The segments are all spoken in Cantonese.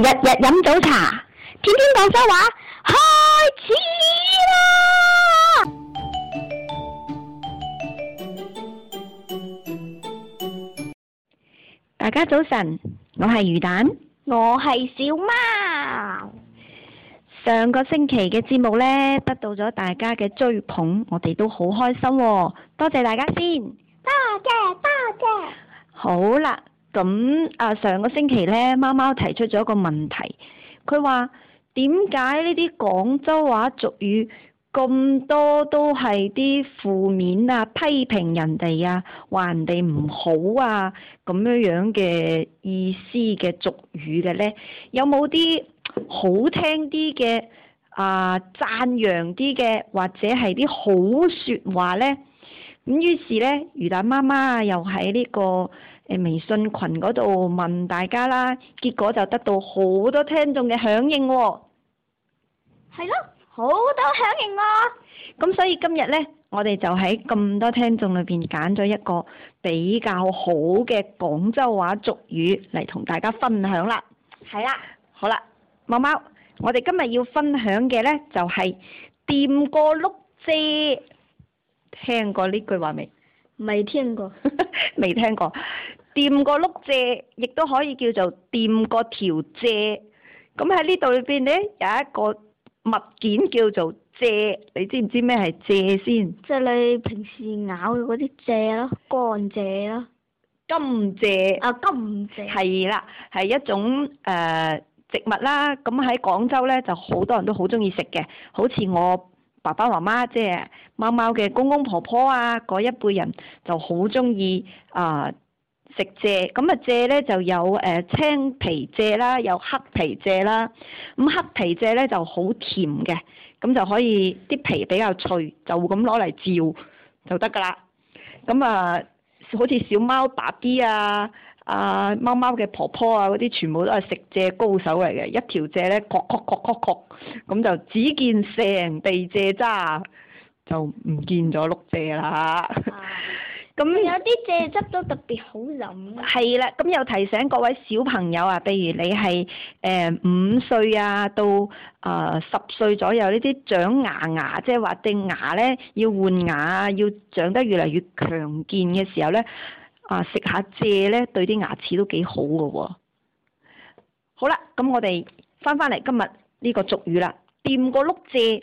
日日飲早茶，天天廣州話，開始啦！大家早晨，我係魚蛋，我係小貓。上個星期嘅節目呢，得到咗大家嘅追捧，我哋都好開心，哦。多謝大家先，多謝多謝。好啦。咁啊！上個星期咧，貓貓提出咗一個問題，佢話點解呢啲廣州話俗語咁多都係啲負面啊、批評人哋啊、話人哋唔好啊咁樣樣嘅意思嘅俗語嘅咧？有冇啲好聽啲嘅啊讚揚啲嘅，或者係啲好説話咧？咁於是咧，魚蛋媽媽又喺呢個。誒，微信群嗰度問大家啦，結果就得到好多聽眾嘅響應喎。哦，係咯，好多響應啊。哦！咁所以今日呢，我哋就喺咁多聽眾裏邊揀咗一個比較好嘅廣州話俗語嚟同大家分享啦。係啦的，好啦，貓貓，我哋今日要分享嘅呢，就係掂過碌蔗，聽過呢句話未？未聽過，未 聽過。掂過碌蔗，亦都可以叫做掂過條蔗。咁喺呢度裏邊咧，有一個物件叫做蔗，你知唔知咩係蔗先？即係你平時咬嘅嗰啲蔗咯，甘蔗咯。甘蔗。啊，甘蔗。係啦，係一種誒、呃、植物啦。咁喺廣州咧，就好多人都好中意食嘅。好似我爸爸媽媽即係貓貓嘅公公婆婆婆啊，嗰一輩人就好中意啊。呃食蔗咁啊，蔗咧就有誒、呃、青皮蔗啦，有黑皮蔗啦。咁黑皮蔗咧就好甜嘅，咁就可以啲皮比較脆，就咁攞嚟照就得噶啦。咁、嗯、啊、呃，好似小貓爸啲啊，啊貓貓嘅婆婆啊，嗰啲全部都係食蔗高手嚟嘅，一條蔗咧，確確確確確，咁就只見成地蔗渣，就唔見咗碌蔗啦。咁那有啲蔗汁都特別好飲、啊。係啦，咁又提醒各位小朋友啊，譬如你係誒五歲啊到啊十、呃、歲左右呢啲長牙牙，即係話對牙咧要換牙啊，要長得越嚟越強健嘅時候咧，啊食下蔗咧對啲牙齒都幾好嘅喎、哦。好啦，咁我哋翻返嚟今日呢個俗語啦，掂過碌蔗。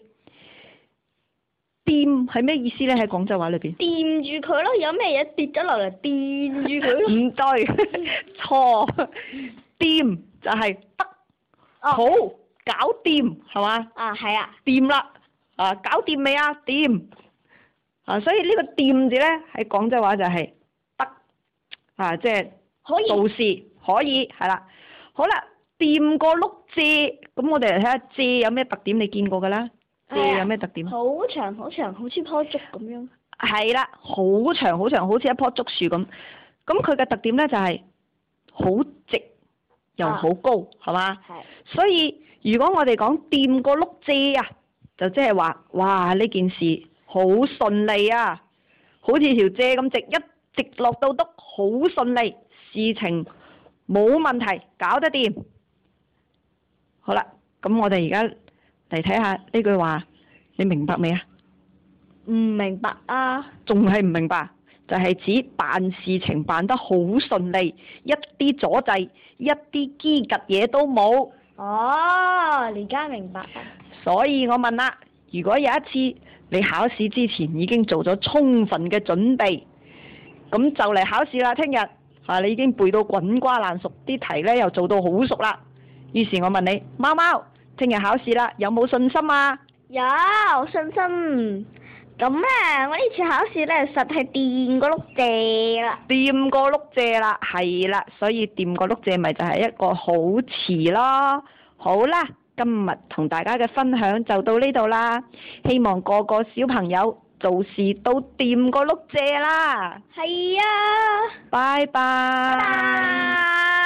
掂係咩意思咧？喺廣州話裏邊？掂住佢咯，有咩嘢跌咗落嚟，掂住佢咯。唔 不對，錯。掂就係得，哦、好，搞掂，係嘛？啊，係啊。掂啦，啊，搞掂未啊？掂，啊，所以個呢個掂字咧，喺廣州話就係得，啊，即係可以做事可以係啦。好啦，掂過碌蔗，咁我哋嚟睇下蔗有咩特點，你見過㗎啦。嗯、有咩特點？好長、哎、好長，好似棵竹咁樣。係啦，好長好長，好似一棵竹樹咁。咁佢嘅特點咧就係、是、好直，又好高，係嘛？係。所以如果我哋講掂個碌蔗啊，就即係話，哇呢件事好順利啊，好似條蔗咁直，一直落到篤，好順利，事情冇問題，搞得掂。好啦，咁我哋而家。嚟睇下呢句話，你明白未啊？唔明白啊？仲係唔明白？就係、是、指辦事情辦得好順利，一啲阻滯、一啲機格嘢都冇。哦，而家明白啊。所以我問啦，如果有一次你考試之前已經做咗充分嘅準備，咁就嚟考試啦，聽日啊，你已經背到滾瓜爛熟，啲題呢，又做到好熟啦。於是我問你，貓貓。聽日考試啦，有冇信心啊？有信心，咁咧、啊，我呢次考試咧，實係掂過碌蔗啦。掂過碌蔗啦，係啦，所以掂過碌蔗咪就係一個好詞咯。好啦，今日同大家嘅分享就到呢度啦，希望個個小朋友做事都掂過碌蔗啦。係啊，拜拜 bye。Bye bye